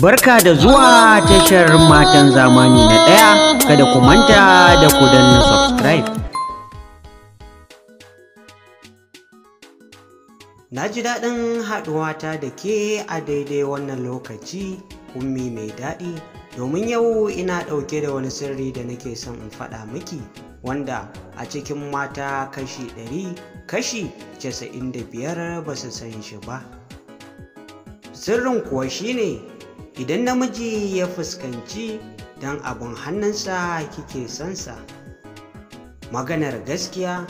Barka da zuwa tashar matan zamani na ɗaya kada ku manta da ku danna subscribe. Na ji daɗin haɗuwata da ke a daidai wannan lokaci ummi mai daɗi domin yau ina ɗauke da wani sirri da nake son in faɗa miki wanda a cikin mata kashi ɗari kashi casa'in 95 ba su san shi ba. Sirrin kuwa shine idan namiji ya fuskanci don abin hannunsa kike sansa maganar gaskiya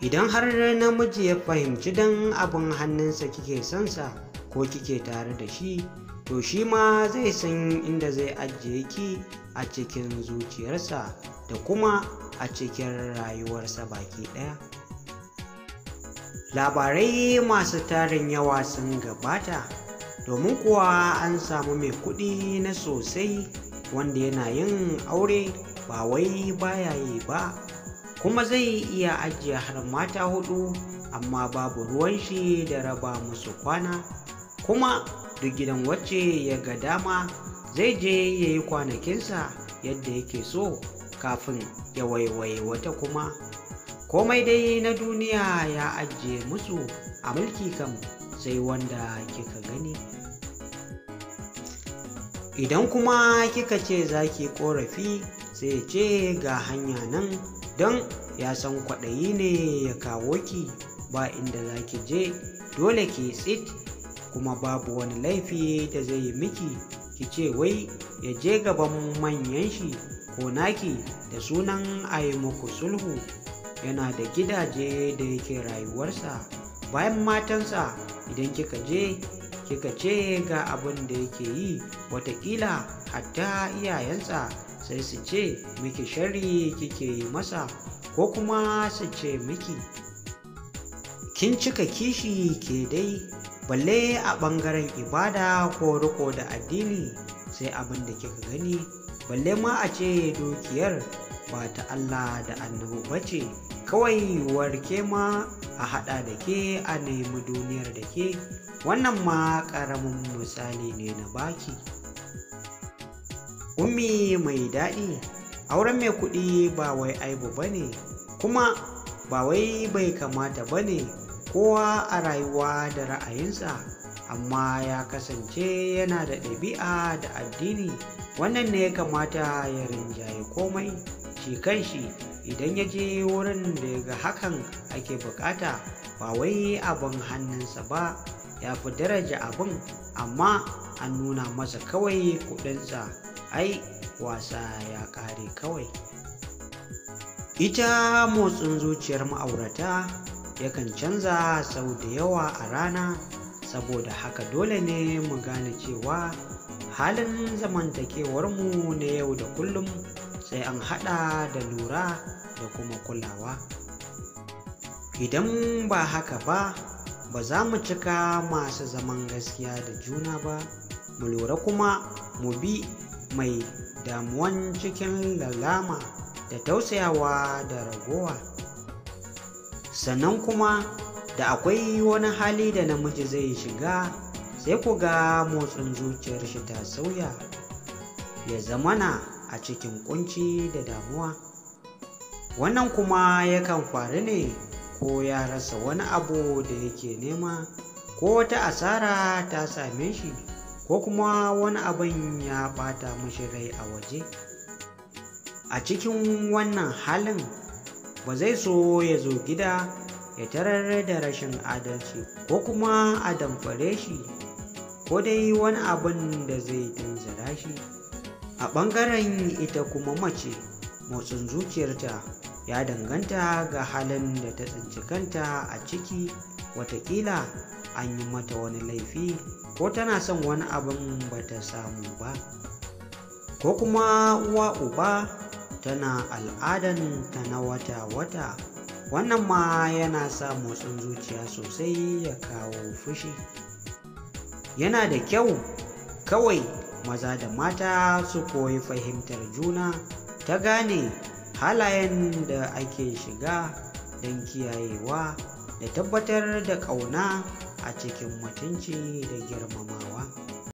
idan har namiji ya fahimci don abin hannunsa kike sansa ko kike tare da shi to shi ma zai san inda zai ajiye ki a cikin zuciyarsa da kuma a cikin rayuwarsa baki ɗaya labarai masu tarin yawa sun gabata domin kuwa an samu mai kuɗi na sosai wanda yana yin aure ba wai baya yi ba kuma zai iya ajiye har mata hudu amma babu ruwan shi da raba musu kwana kuma duk gidan wacce ya ga dama zai je ya yi kwanakinsa yadda yake so kafin ya waiwaye wata kuma komai dai na duniya ya ajiye musu a mulki kan sai wanda kika gani idan kuma kika ce za ki korafi sai ce ga hanya nan don ya san kwaɗayi ne ya kawo ki ba inda za ki je dole ki tsit kuma babu wani laifi da zai yi miki ki ce wai ya je gaban manyan shi ko naki da sunan a yi muku sulhu yana da gidaje da yake rayuwarsa bayan matansa idan kika je kika ce ga abin da yake yi watakila hatta iyayensa sai su ce miki shari kike yi masa ko kuma su ce miki kin cika kishi ke dai balle a ɓangaren ibada ko riko da addini sai abin da kika gani balle ma a ce dukiyar ba ta Allah da annabu ba ce. kawai warke ma a haɗa da ke a nemi duniyar da ke wannan ma ƙaramin misali ne na baki ummi mai daɗi auren mai kuɗi ba wai aibu ba ne kuma ba wai bai kamata ba ne kowa a rayuwa da ra'ayinsa amma ya kasance yana da ɗabi'a da addini wannan ne ya kamata ya rinjaye komai shi kan shi idan ya je wurin da ga hakan ake bukata ba wai abin hannunsa ba ya fi daraja abin amma an nuna masa kawai kudinsa ai wasa ya kare kawai ita motsin zuciyar ma'aurata yakan canza sau da yawa a rana saboda haka dole ne mu gane cewa halin zamantakewarmu na yau da kullum sai an haɗa da lura da kuma kulawa idan ba haka ba ba za mu cika masu zaman gaskiya da juna ba mu lura kuma mu bi mai damuwan cikin lalama da tausayawa da ragowa sannan kuma da akwai wani hali da namiji zai shiga sai ku ga motsin zuciyar shi ta sauya ya zamana a cikin ƙunci da damuwa wannan kuma yakan faru ne ko ya rasa wani abu da yake nema ko wata asara ta same shi ko kuma wani abin ya ɓata mashi rai a waje a cikin wannan halin ba zai so ya zo gida ya tarar da rashin adalci ko kuma a damfare shi ko dai wani abun da zai tunzura shi a ɓangaren ita kuma mace motsin zuciyarta ya danganta ga halin da ta tsinci kanta a ciki watakila an yi mata wani laifi ko tana son wani abin ba ta samu ba ko kuma uwa uba tana al'adan ta na wata-wata wannan ma yana sa motsin zuciya sosai ya kawo fushi yana da kyau kawai maza da mata su koyi fahimtar juna ta gane halayen da ake shiga don kiyayewa da tabbatar da ƙauna a cikin mutunci da girmamawa.